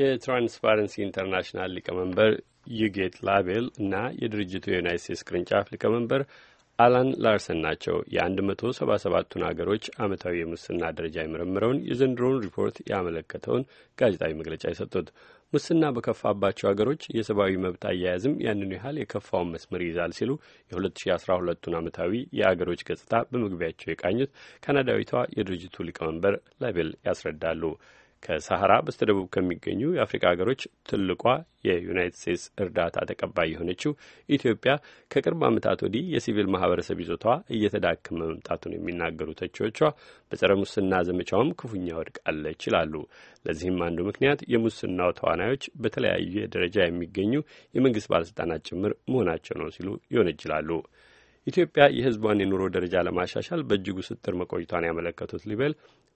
የትራንስፓረንሲ ኢንተርናሽናል ሊቀመንበር ዩጌት ላቤል እና የድርጅቱ የዩናይት ስቴትስ ቅርንጫፍ ሊቀመንበር አላን ላርሰን ናቸው የ177ቱን አገሮች አመታዊ የሙስና ደረጃ የመረምረውን የዘንድሮውን ሪፖርት ያመለከተውን ጋዜጣዊ መግለጫ የሰጡት። ሙስና በከፋባቸው አገሮች የሰብአዊ መብት አያያዝም ያንኑ ያህል የከፋውን መስመር ይዛል ሲሉ የ2012ቱን ዓመታዊ የአገሮች ገጽታ በመግቢያቸው የቃኙት ካናዳዊቷ የድርጅቱ ሊቀመንበር ላቤል ያስረዳሉ። ከሳሐራ በስተደቡብ ከሚገኙ የአፍሪካ ሀገሮች ትልቋ የዩናይትድ ስቴትስ እርዳታ ተቀባይ የሆነችው ኢትዮጵያ ከቅርብ ዓመታት ወዲህ የሲቪል ማህበረሰብ ይዞታዋ እየተዳከመ መምጣቱን የሚናገሩ ተቺዎቿ በጸረ ሙስና ዘመቻውም ክፉኛ ወድቃለች ይላሉ። ለዚህም አንዱ ምክንያት የሙስናው ተዋናዮች በተለያየ ደረጃ የሚገኙ የመንግስት ባለስልጣናት ጭምር መሆናቸው ነው ሲሉ ይወነጅላሉ። ኢትዮጵያ የሕዝቧን የኑሮ ደረጃ ለማሻሻል በእጅጉ ስትጥር መቆይቷን ያመለከቱት ሊበል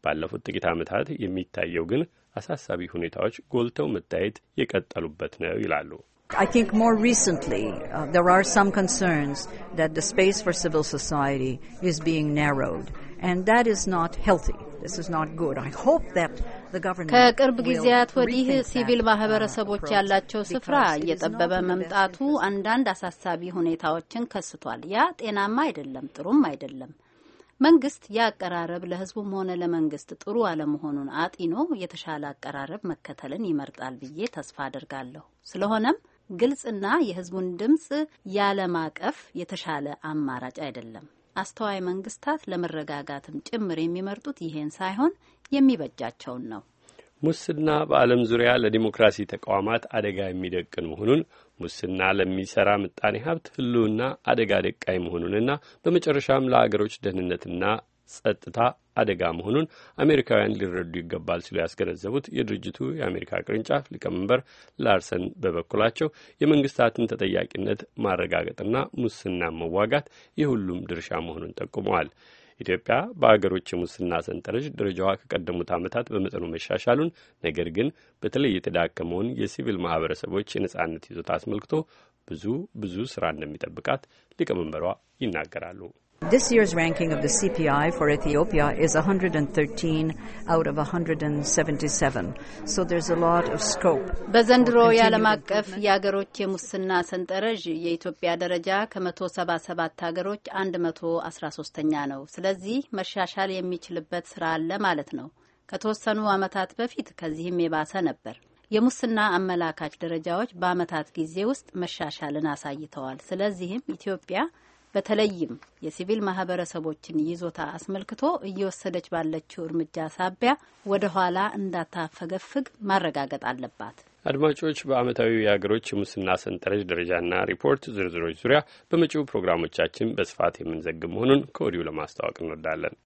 ባለፉት ጥቂት ዓመታት የሚታየው ግን አሳሳቢ ሁኔታዎች ጎልተው መታየት የቀጠሉበት ነው ይላሉ። I think more recently uh, there are some concerns that the space for civil society is being narrowed and that is not healthy. ከቅርብ ጊዜያት ወዲህ ሲቪል ማህበረሰቦች ያላቸው ስፍራ እየጠበበ መምጣቱ አንዳንድ አሳሳቢ ሁኔታዎችን ከስቷል። ያ ጤናማ አይደለም፣ ጥሩም አይደለም። መንግስት ያ አቀራረብ ለህዝቡም ሆነ ለመንግስት ጥሩ አለመሆኑን አጢኖ የተሻለ አቀራረብ መከተልን ይመርጣል ብዬ ተስፋ አድርጋለሁ። ስለሆነም ግልጽና የህዝቡን ድምፅ ያለማቀፍ የተሻለ አማራጭ አይደለም። አስተዋይ መንግስታት ለመረጋጋትም ጭምር የሚመርጡት ይሄን ሳይሆን የሚበጃቸውን ነው። ሙስና በዓለም ዙሪያ ለዲሞክራሲ ተቋማት አደጋ የሚደቅን መሆኑን ሙስና ለሚሰራ ምጣኔ ሀብት ህልውና አደጋ ደቃይ መሆኑንና በመጨረሻም ለአገሮች ደህንነትና ጸጥታ አደጋ መሆኑን አሜሪካውያን ሊረዱ ይገባል ሲሉ ያስገነዘቡት የድርጅቱ የአሜሪካ ቅርንጫፍ ሊቀመንበር ላርሰን በበኩላቸው የመንግስታትን ተጠያቂነት ማረጋገጥና ሙስና መዋጋት የሁሉም ድርሻ መሆኑን ጠቁመዋል። ኢትዮጵያ በአገሮች የሙስና ሰንጠረዥ ደረጃዋ ከቀደሙት ዓመታት በመጠኑ መሻሻሉን ነገር ግን በተለይ የተዳከመውን የሲቪል ማህበረሰቦች የነጻነት ይዞታ አስመልክቶ ብዙ ብዙ ስራ እንደሚጠብቃት ሊቀመንበሯ ይናገራሉ። This year's ranking of the CPI for Ethiopia is 113 out of 177. So there's a lot of scope. በዘንድሮ የዓለም አቀፍ የሀገሮች የሙስና ሰንጠረዥ የኢትዮጵያ ደረጃ ከ177 ሀገሮች 113ኛ ነው። ስለዚህ መሻሻል የሚችልበት ስራ አለ ማለት ነው። ከተወሰኑ ዓመታት በፊት ከዚህም የባሰ ነበር። የሙስና አመላካች ደረጃዎች በዓመታት ጊዜ ውስጥ መሻሻልን አሳይተዋል። ስለዚህም ኢትዮጵያ በተለይም የሲቪል ማህበረሰቦችን ይዞታ አስመልክቶ እየወሰደች ባለችው እርምጃ ሳቢያ ወደ ኋላ እንዳታፈገፍግ ማረጋገጥ አለባት። አድማጮች፣ በአመታዊ የሀገሮች የሙስና ሰንጠረዥ ደረጃና ሪፖርት ዝርዝሮች ዙሪያ በመጪው ፕሮግራሞቻችን በስፋት የምንዘግብ መሆኑን ከወዲሁ ለማስታወቅ እንወዳለን።